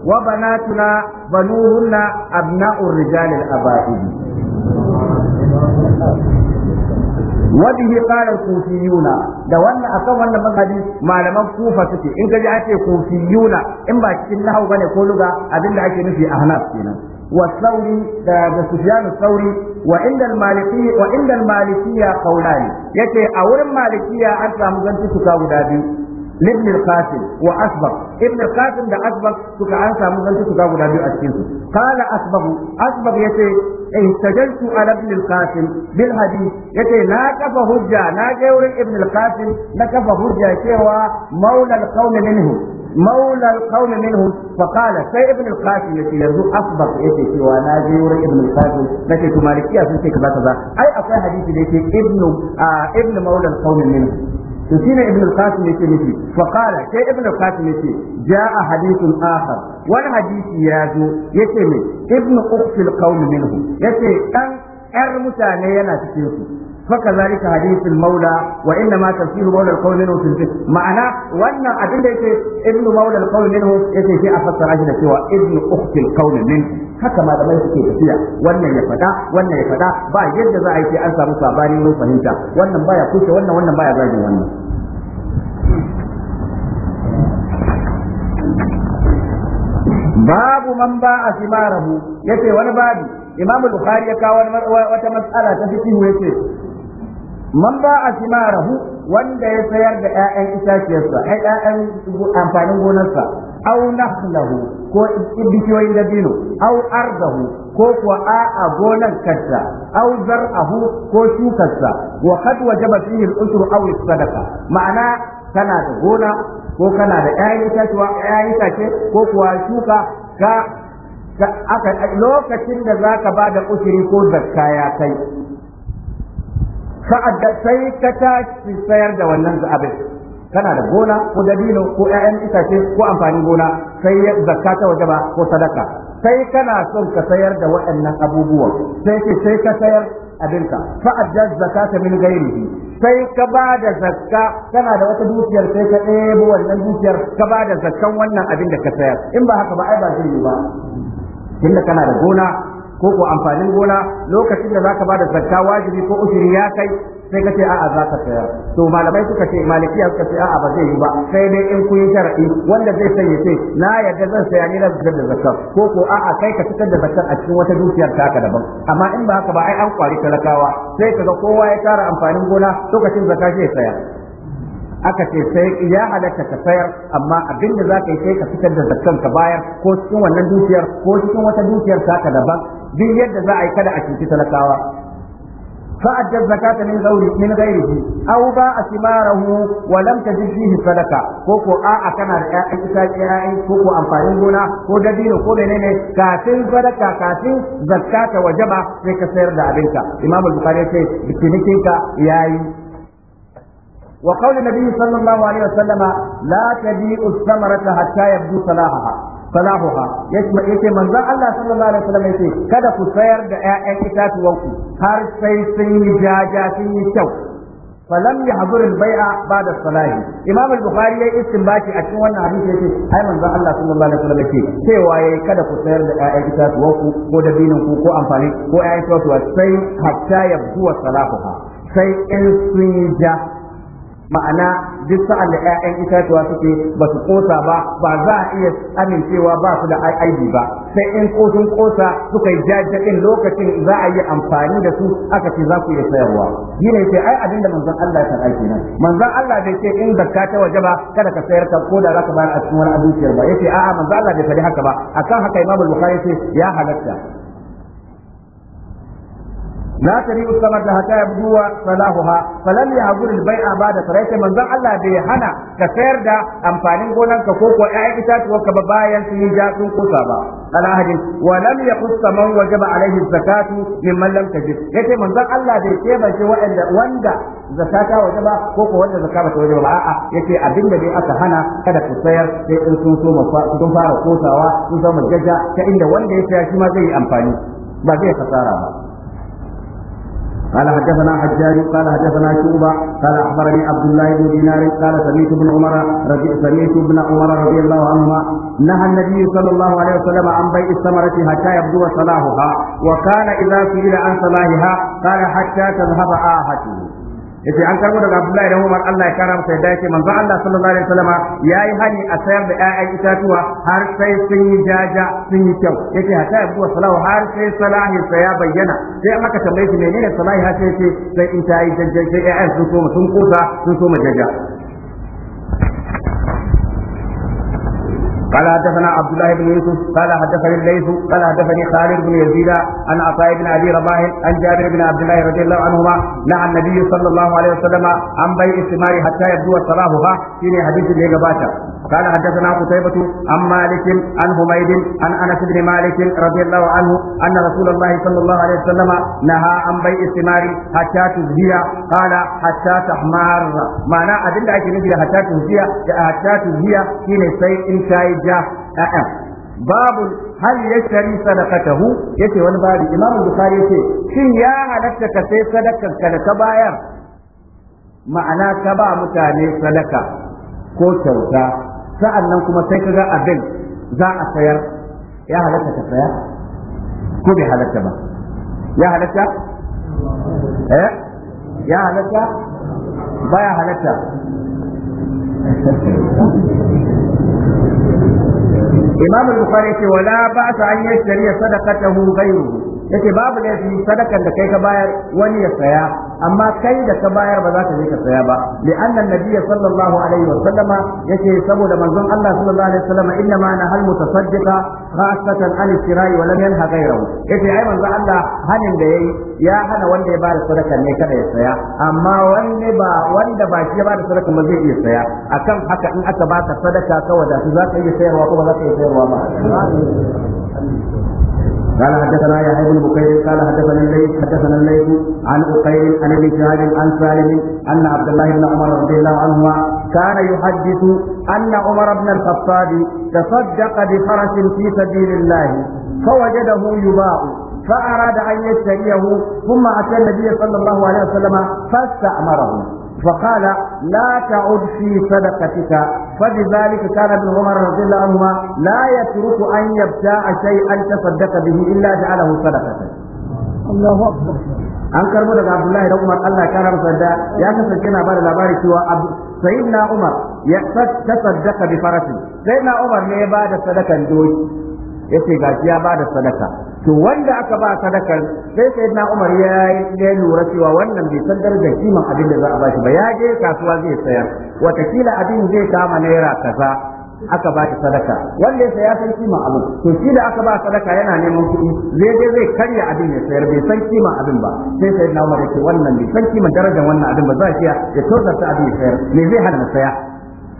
wa a banuhunna abna'ur rijalil aba'idi وبه قال الكوفيون da wannan akan wannan mazhabi malaman kufa suke in kaji ake kufiyuna in ba cikin nahau bane ko luga abinda ake nufi ahnaf kenan والثوري ده سفيان الثوري وعند المالكية وعند المالكية قولان يتي أول مالكية أنت مزنتي سكاو دابي لابن القاسم وأسبق ابن القاسم ده أسبق سكا أنت مزنتي سكاو دابي أسكنسو قال أسبق أسبق يتي ihtajantu ala ibn al-qasim bil hadith yace na kafa hujja na je wurin ibn al-qasim na kafa hujja cewa maula al-qaum minhu maula al-qaum minhu fa qala sai ibn al-qasim yace yanzu asbab yace cewa na je wurin ibn al-qasim nace to malikiya sun ai akwai hadisi da yake ibn to shine ibn al-qasim yake nufi fa qala sai ibn al-qasim yake jaa hadithun akhar wani hadisi ya zo yace me ibn ukhti al-qawm minhu yace ɗan yar mutane yana cikin su فكذلك حديث المولى وانما تفسير مولى القول منه في الفقه معناه وان ابن ابن مولى القول منه يتي في افسر اجل سوى ابن اخت القول منه haka malamai suke tafiya wannan ya fada wannan ya fada ba yadda za a yi sai an samu sabani mun fahimta wannan baya kushe wannan wannan baya zagin wannan babu man ba'a simarahu yace wani babu imam bukhari ya kawo wata matsala ta fiqh yace man ba a shimarahu wanda ya sayar da 'ya'yan itaciyarsa ai 'ya'yan amfanin gonarsa au nahlahu ko bishiyoyin dabino au ardahu ko kuwa a'a gonar kanta au zar'ahu ko shukarsa wa qad wajaba fihi al-usru aw sadaqa ma'ana kana da gona ko kana da 'ya'yan itaciya 'ya'yan itace ko kuwa shuka ka lokacin da zaka bada usuri ko zakka ya kai sa'ad da sai ka tashi sayar da wannan abin kana da gona ko dalilo ko ƴaƴan itace ko amfanin gona sai zakka ta wajaba ko sadaka sai kana son ka sayar da waɗannan abubuwan sai ce sai ka sayar abinka fa'adda zakata min ghairihi sai ka ba da zakka kana da wata dukiyar sai ka ɗebo wannan dukiyar ka ba da zakkan wannan abin da ka sayar in ba haka ba ai ba zai yi ba tunda kana da gona ko ko amfanin gona lokacin da zaka bada zakka wajibi ko usuri ya kai sai kace a'a za ka sayar to malamai suka ce malikiya suka ce a'a ba zai yi ba sai dai in kun yi shar'i wanda zai sanya ce na yadda zan saya ni na da zakka ko ko a'a kai ka fitar da zakka a cikin wata dukiyar taka daban amma in ba haka ba ai an kwari talakawa sai kaga kowa ya tara amfanin gona lokacin zakka zai saya aka ce sai ya halatta ka sayar amma abin da zaka yi sai ka fitar da zakkan ka bayar ko cikin wannan dukiyar ko cikin wata dukiyar ka daban duk yadda za a yi kada a cuci talakawa fa'addar zakata min zauri min ghairihi aw ba asmarahu wa lam tajid sadaka ko ko a a kana da ƴaƴan itace ƴaƴan ko ko amfanin gona ko dabino ko menene kafin sadaka kafin zakata wajaba sai ka sayar da abinka imamul bukhari sai bikinikin ka yayi وقول النبي صلى الله عليه وسلم لا تجيء الثمرة حتى يبدو صلاحها صلاحها يسمع يسمع من ذا الله صلى الله عليه وسلم يسمع كذا كسير دعاء كتاب ووكي هار سيسين جاجاتين شو فلم يحضر البيع بعد الصلاة إمام البخاري يأي استنباتي أكون وانا حديث يسي أي من ذا الله صلى الله عليه وسلم يسي سيوا يأي كده كسير دعاء كتاب ووكو كو دبينكو كو أنفاني كو أعيش وكو حتى يبدو صلاحها sai in sun yi ja ma'ana duk sa'an da 'ya'yan itatuwa suke ba su kosa ba ba za a iya amincewa ba su da aibi ba sai in kosun kosa suka yi jajjakin lokacin za a yi amfani da su aka ce za ku iya sayarwa shi ne sai ai abin da manzon Allah ya aiki nan manzon Allah bai ce in zakka ta waje ba kada ka sayar ka koda za ka bayar a cikin wani abinciyar ba yace a'a manzon Allah bai faɗi haka ba akan haka Imam Bukhari ce ya halatta لا تريء الثمر حتى يبدو صلاحها فلم يعبر البيع بعد صلاحه من ذا الله بيهنا كسير دا أمفانين قولن كفوق وإعي إتات وكببايا سيجا قصبا العهد ولم يقص من وجب عليه الزكاة ممن لم تجد يتي من ذا الله بيكيبا شواء واندا zakata waje ba ko ko wanda zakka ba ta waje ba a'a yace abin da dai aka hana kada ku sayar sai in sun so sun fara kosawa sun zama jaja ta inda wanda ya saya shi ma zai yi amfani ba zai kasara ba قال حدثنا حجاج قال حدثنا شعبة قال أخبرني عبد الله بن دينار قال سمعت ابن عمر رضي سمعت ابن عمر رضي الله عنهما نهى النبي صلى الله عليه وسلم عن بيع الثمرة حتى يبدو صلاحها وكان إذا سئل عن صلاحها قال حتى تذهب آهته yace an karbo daga Abdullahi dan Umar Allah ya kara masa yadda yake manzo Allah sallallahu alaihi wasallama yayi hani a sayar da ƴaƴan itatuwa har sai sun yi jaja sun yi kyau yace hata yabu salahu har sai salahinsa sa ya bayyana sai aka tambaye shi menene salahi har sai sai in ta yi jaja sai ƴaƴan sun koma sun kusa sun koma jaja قال حدثنا عبد الله بن يوسف قال حدثني الليث قال حدثني خالد بن يزيد عن عطاء بن ابي رباح عن جابر بن عبد الله رضي الله عنهما نهى النبي صلى الله عليه وسلم عن بيع الثمار حتى يبدو صلاحها في حديث اللي قباته قال حدثنا قتيبة عن مالك عن حميد عن انس بن مالك رضي الله عنه ان رسول الله صلى الله عليه وسلم نهى عن بيع الثمار حتى تزهي قال حتى تحمار معناه ادل اكي نجي حتى تزهي حتى تزهي شيء ان شاء ja a'a babu hal yashari sadaqatahu yace wani babu imam bukhari yace shin ya halatta ka sai sadakar ka da ka bayar ma'ana ka ba mutane sadaka ko kyauta sa'annan kuma sai ka ga abin za a sayar ya halatta ka saya ko bai halatta ba ya halatta eh ya halatta ya halatta imam al-bukhari ce wala ba'sa an yashtari sadaqatahu ghayruhu yace babu laifi sadakan da kai ka bayar wani ya saya amma kai da ka bayar ba za ka je ka saya ba li anna nabiyya sallallahu alaihi wa sallama yace saboda manzon Allah sallallahu alaihi wa sallama inna ma nahal mutasaddiqa khasatan an istira'i wa lam yanha ghayrahu yace ai manzon Allah hanin da yayi ya hana wanda ya bada sadaka ne kada ya saya amma wanda ba wanda ba shi ya bada sadaka ma zai iya saya akan haka in aka baka sadaka ka wadatu za ka iya sayarwa ko ba za ka iya sayarwa ba قال حدثنا يحيى بن بكير قال حدثنا الليث حدثنا الليث عن أقيل عن ابن شهاب عن سالم أن عبد الله بن عمر رضي الله عنهما كان يحدث أن عمر بن الخطاب تصدق بفرس في سبيل الله فوجده يباع فأراد أن يشتريه ثم أتى النبي صلى الله عليه وسلم فاستأمره فقال لا تعد في صدقتك فبذلك كان ابن عمر رضي الله عنهما لا يترك ان يبتاع شيئا تصدق به الا جعله صدقه. الله اكبر. an karbo daga Abdullahi da Umar Allah ya kara masa da ya kasance na bada labari cewa sayyidina Umar ya tasaddaka bi farasi sayyidina Umar ne ya bada sadakan doki yace gashi ya bada sadaka to wanda aka ba sadakar sai sai na Umar ya ya lura cewa wannan bai san darajar kiman abin da za a ba shi ba ya je kasuwa zai sayar watakila abin zai kama naira kaza aka ba shi sadaka wanda ya saya san kiman abin to shi da aka ba sadaka yana neman kuɗi zai je zai karya abin ya sayar bai san kiman abin ba sai sai na Umar ya ce wannan bai san kiman darajar wannan abin ba za shi ya tozarta abin ya sayar me zai hana saya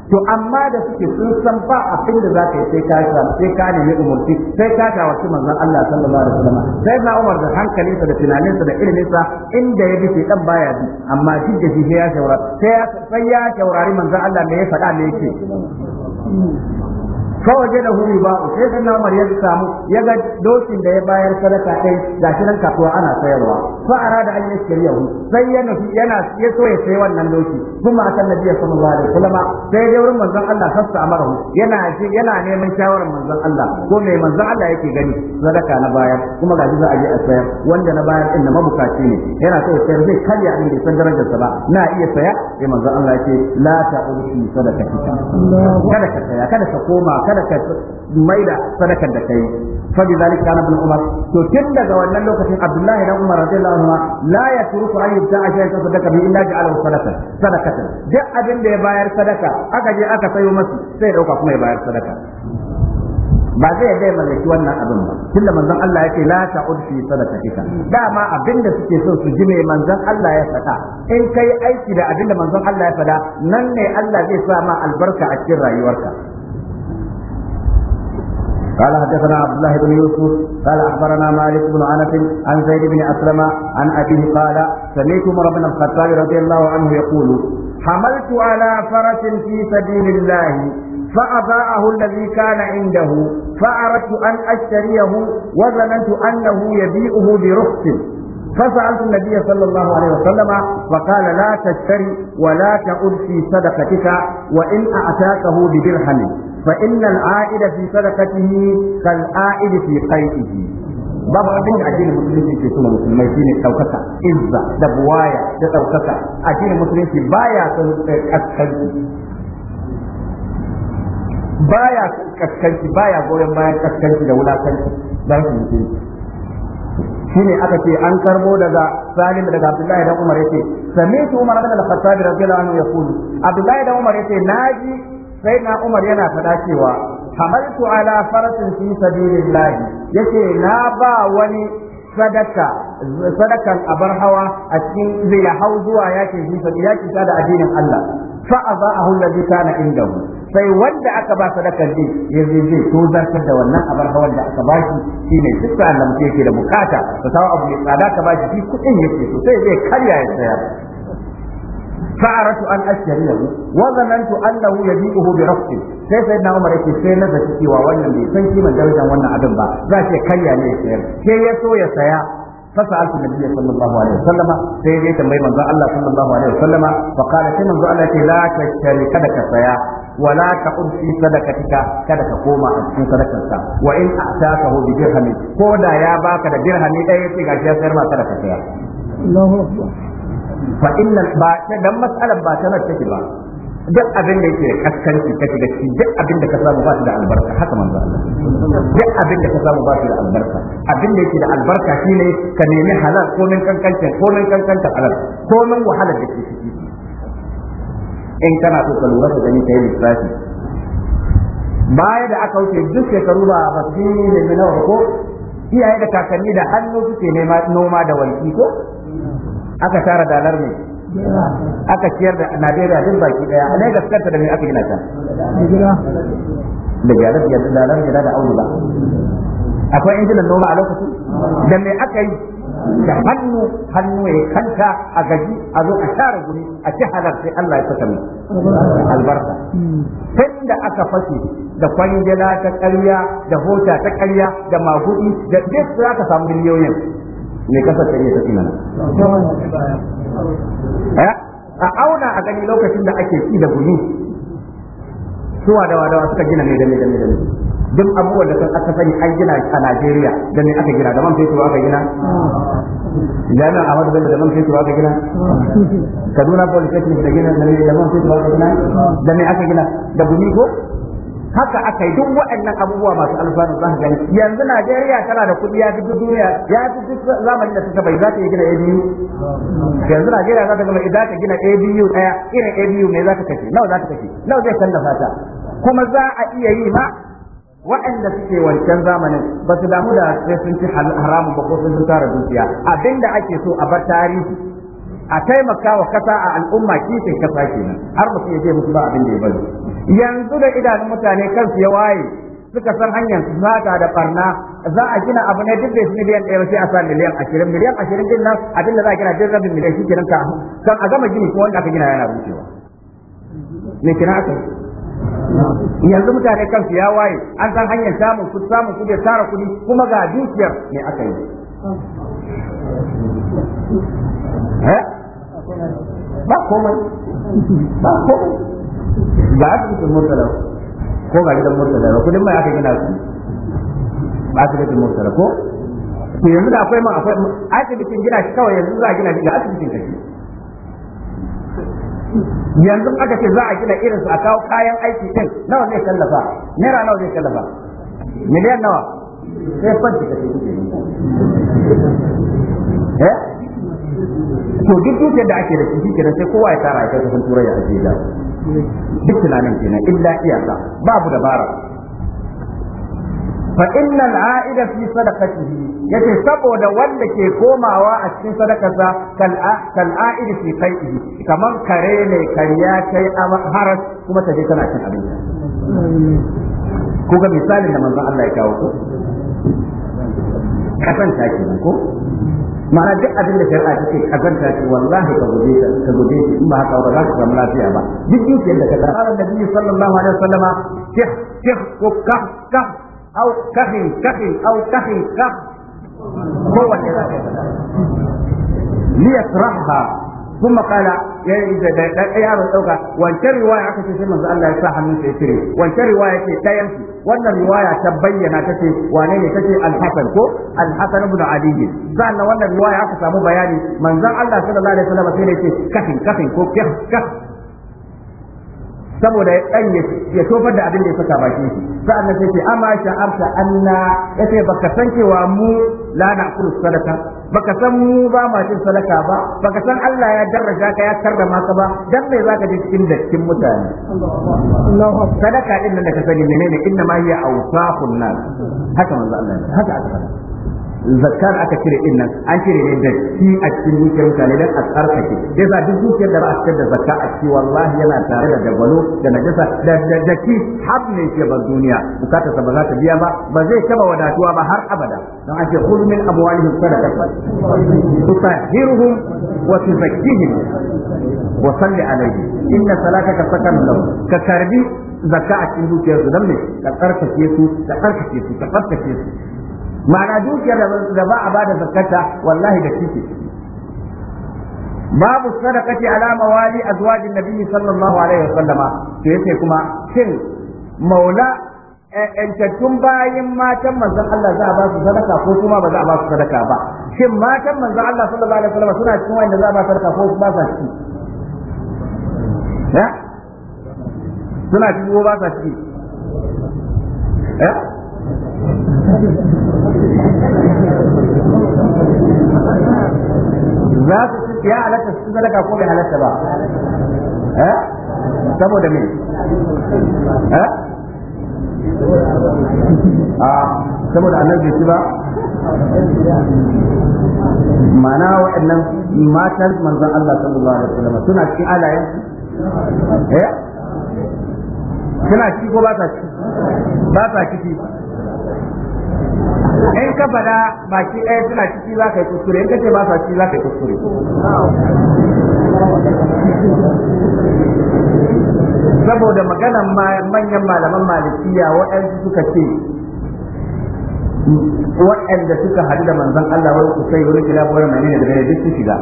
to amma da suke sun san ba abin da zaka yi sai ka sai ka nemi umurci sai ka ga wasu manzon Allah sallallahu alaihi wasallam sai na Umar da hankalinsa da tunaninsa da iliminsa inda ya bi sai dan baya bi amma shi da shi ya saurari sai ya saurari manzon Allah me ya faɗa me yake kawaje da huri ba sai sai na ya samu ya ga dokin da ya bayar sadaka kai da shi nan kasuwa ana sayarwa Fa'ara da arada an hu, sai ya nufi yana ya so ya sayi wannan doki kuma akan nabi sallallahu alaihi wasallam sai ya wurin manzon Allah sassa amarahu yana yana neman shawarar manzon Allah ko me manzon Allah yake gani sadaka na bayar kuma ga za a je a sayar wanda na bayar din mabukaci ne yana so ya sayar zai karya abin da san darajarsa ba na iya saya sai manzon Allah yake la ta'ushi sadaka kada ka saya kada ka koma kada ka maida sadakar da kai fa bi zalika kana ibn umar to tun daga wannan lokacin abdullahi dan umar radiyallahu anhu la yatruku an yubta'a shay'an sadaka bi illa ja'alahu sadaka sadakatan duk abin da ya bayar sadaka aka je aka sayo masa sai dauka kuma ya bayar sadaka ba zai yadda ya mallaki wannan abin ba tunda manzon Allah ya ce la ta'ud fi kika. dama abinda suke so su ji mai manzon Allah ya faɗa in kai aiki da abinda manzon Allah ya faɗa nan ne Allah zai sa ma albarka a cikin rayuwarka قال حدثنا عبد الله بن يوسف قال اخبرنا مالك بن انس عن زيد بن اسلم عن ابيه قال سمعت عمر بن الخطاب رضي الله عنه يقول حملت على فرس في سبيل الله فأضاءه الذي كان عنده فأردت أن أشتريه وظننت أنه يبيعه برخص فسألت النبي صلى الله عليه وسلم فقال لا تشتري ولا تقل في صدقتك وإن أعتاكه بدرهم fa innal a'ida fi sadaqatihi kal a'idi fi qaidihi babu abin da addinin musulunci ke suna musulmai shine daukaka izza da buwaya da daukaka addinin musulunci baya son kaskanci baya kaskanci baya goyon bayan kaskanci da wulakanci da rashin mutunci shine aka ce an karbo daga Salim daga Abdullahi da Umar yace sami'tu Umar bin Al-Khattab radiyallahu anhu yaqulu Abdullahi da Umar yace naji sai na Umar yana faɗa cewa hamaltu ala farasin fi sabilillah yace na ba wani sadaka sadakan abar hawa a cikin zai hau zuwa yakin fi yakin da addinin Allah fa azahu alladhi kana mu. sai wanda aka ba sadakar din ya zai zai to zartar da wannan abar hawan da aka bashi shine duk da Allah mutum yake da bukata ka abu mai tsada ka bashi shi kuɗin yake so sai zai karya ya tsaya فأردت أن أشتريه وظننت أنه يبيعه برفقه sai sai na umar yake sai na zaci cewa wannan bai san kiman darajar wannan abin ba za ce karya ne ya sayar sai ya so ya saya fa sa'altu nabiy sallallahu alaihi wasallama sai ya tambayi manzo Allah sallallahu alaihi wasallama fa qala sai manzo Allah ce la tashtari kada ka saya wa la taqul fi sadaqatika kada ka koma a cikin sadakarka wa in ataka bi dirhami ko da ya baka da dirhami dai sai ga ya sayar ma sadaka sayar Allahu akbar fa inna ba ta dan mas'alan ba ta take ba duk abin da yake kaskanci ka shiga ciki duk abin da ka samu ba shi da albarka haka manzo Allah duk abin da ka samu ba shi da albarka abin da yake da albarka shine ka nemi halal ko min kankancin ko min kankancin halal ko min wahalar da ke ciki in kana so ka lura ka gani kai lissafi baya da aka wuce duk shekaru ba ba su ne minawar ko iyaye da kakanni da hannu suke nema noma da wanki ko aka tara dalar ne aka ciyar da Najeriya duk baki daya a Lagos kanta da me aka gina ta da gyara biyar da dalar gida da auduga akwai injinan noma a lokacin da me aka yi da hannu hannu ya kanta a gaji a zo a share guri a ci halar sai Allah ya saka mai albarka sai da aka fashe da kwangila ta ƙarya da hota ta ƙarya da magudi da duk za ka samu miliyoyin mai kasar ta iya tafi nan eh, a auna a gani lokacin da ake ci da gumi suwa da wadawa suka gina mai da ne da ne da duk abubuwan da sun aka sani an gina a Najeriya da ne aka gina da man fetur aka gina jami'an Ahmadu Bello da man fetur aka gina Kaduna Polytechnic da gina da man fetur aka gina da ne aka gina da gumi ko haka aka yi duk waɗannan abubuwa masu alfanu za ka gani yanzu Najeriya tana da kuɗi ya fi duniya ya fi duk zamanin da suka bai za ta gina ABU yanzu Najeriya za ta gama idan ta gina ABU ɗaya irin ABU ne za ta kashe nawa za ta kashe nawa zai san tallafa ta kuma za a iya yi ma waɗanda suke wancan zamanin ba su damu da sai sun ci haramun ba ko sun tara dukiya abinda ake so a bar tarihi a taimaka wa kasa a al'umma kishin kasa kenan har mutum ya je musu ba abin da ya bari yanzu da idanun mutane kansu ya waye suka san hanyar zata da barna za a gina abu ne duk da shi miliyan ɗaya sai a sa miliyan ashirin miliyan ashirin din nan abin da za a gina duk rabin miliyan shi kenan ka kan a gama gini ko wanda aka gina yana rushewa me kina aka yanzu mutane kansu ya waye an san hanyar samun su samun kuɗi tara kuɗi kuma ga dukiyar me aka yi eh? ba komai ba komai ba cikin murtala ko ba gidan murtala ba kudin mai aka gina su ba cikin murtala ko to yanzu da akwai ma akwai cikin gina shi kawai yanzu za a gina shi ga cikin kashi yanzu aka ce za a gina irin su a kawo kayan aiki din nawa zai tallafa naira nawa zai tallafa miliyan nawa sai fanti ka ce eh to duk dukiyar da ake da shi kenan sai kowa ya tara ya kai kusan turai ya ajiye da duk tunanin kenan illa iyaka babu dabara fa innal a'ida fi sadaqatihi yace saboda wanda ke komawa a cikin sadakarsa kal kan a'idi fi qaihi kamar kare ne kariya kai haras kuma taje tana cin abinci ko ga misalin da manzon Allah ya kawo ko kasanta kenan ko ma'ana duk abin da shari'a take kazanta ce wallahi ka guje ta ka guje shi in ba haka ba za ka samu lafiya ba duk yake da kaza tara Allah nabi sallallahu alaihi wasallam kih kih ko ka ka au kahin kahin au kahin kah kowace za ka yi liyasraha ثم قال يا إذا يا أبو الأوكا وانشر رواية أكثر شيء من الله يساها من سيسيري وانشر رواية تيمشي وانا رواية تبين تشي وانين تشي الحسن كو الحسن بن علي زالنا وانا رواية أكثر مبياني من ذا الله صلى الله عليه وسلم سيري كفن كفن كو كفن saboda ɗan ya tofar da abin da ya saka baki shi sa'annan sai ce amma sha'arta anna yace baka san cewa mu la sadaka baka san mu ba ma cin sadaka ba baka san Allah ya daraja ka ya karrama ka ba dan me zaka ji cikin dakkin mutane sadaka din nan da ka sani menene inna ma hiya awsafun nas haka manzo Allah haka aka zakar aka cire din nan an cire ne da shi a cikin dukiyar mutane dan a tsarkake yasa duk dukiyar da ba a cikin da zakka a cikin wallahi yana tare da dagwalo da najasa da da ki har ne ke ban duniya bukata sa ba za ta biya ba ba zai taba wadatuwa ba har abada dan an ce khudh min amwalihim sadaqatan tutahhiruhum wa tuzakkihim wa salli alayhi inna salataka sakanun lahum ka karbi zakka a cikin dukiyar su dan ne ka tsarkake su ka tsarkake su ka tsarkake su ma'ana dukiyar da ba a bada zakata wallahi da kike babu sadaqati ala mawali azwajin nabiyyi sallallahu alaihi wasallama to yace kuma shin maula yantattun eh, bayan matan manzon Allah za a ba su sadaka ko kuma ba za a ba su sadaka ba shin matan manzon Allah sallallahu alaihi wasallama suna cikin wanda za a ba sadaka ko ba sa ciki eh suna cikin ko ba sa ciki eh za su ya halatta su sadaka ko bai halatta ba eh saboda me eh a ah, saboda annabi bai ci ba ma'ana waɗannan matan manzon Allah sallallahu alaihi wasallam suna cikin alayen eh suna ci ko ba ta ci ba ta kici in ka fada baki ɗaya suna ciki za ka yi kuskure in ka ce ba sa ciki za ka yi kuskure saboda maganan manyan malaman malikiya waɗansu suka ce waɗanda suka haɗu da manzon Allah wani kusai wani kila mai ne da bai duk su shiga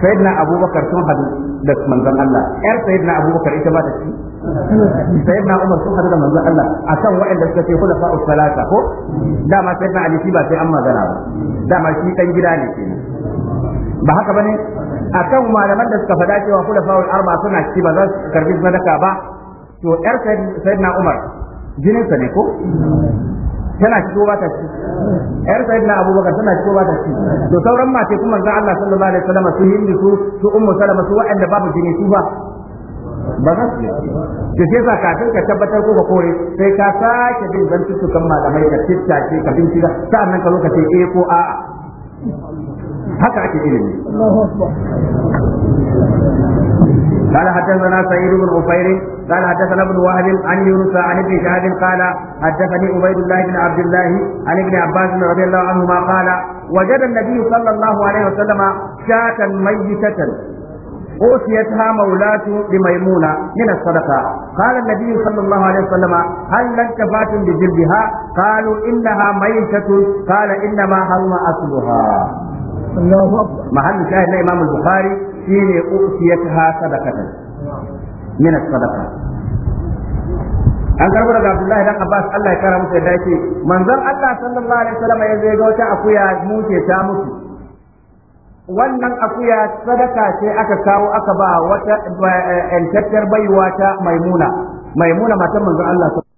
sayyidina abubakar sun hadu da manzon Allah yar sayyidina abubakar ita ba ta ci sayyidina umar sun hadu da manzon Allah akan waɗanda suka ce kula fa'us salata ko dama sayyidina ali shi ba sai an magana ba dama shi dan gida ne kenan ba haka bane akan malaman da suka faɗa cewa kula fa'ul arba suna ci ba za su karbi sadaka ba to yar sayyidina umar ne ko tana ciko ba ta ci na sayyidina abubakar tana ciko ba ta ci to sauran mace kuma manzon Allah sallallahu alaihi wasallam su hindi su su ummu salama su wa'anda babu jini su ba ba za su yi ke sa kafin ka tabbatar ko ka kore sai ka sake bin zantuttukan malamai ka tattace ka bincika sa'annan ka lokaci eh ko a'a haka ake ilimi قال حدثنا سعيد بن عفير قال حدثنا ابن وهب عن يونس عن ابن شهاب قال حدثني عبيد الله بن عبد الله عن ابن عباس رضي الله عنهما قال وجد النبي صلى الله عليه وسلم شاة ميتة أوصيتها مولاة لميمونة من الصدقة قال النبي صلى الله عليه وسلم هل لانتفعت بجلدها قالوا إنها ميتة قال إنما حرم أصلها mahallin shahid na imam al-bukhari shine usiyatha sadaqatan min as-sadaqa an karbo daga Abdullahi dan Abbas Allah ya kara musu yadda yake manzon Allah sallallahu alaihi wasallam ya zai ga wata akuya muke ta mutu wannan akuya sadaka ce aka kawo aka ba wata yantattar eh, eh, baiwa ta maimuna maimuna matan manzon Allah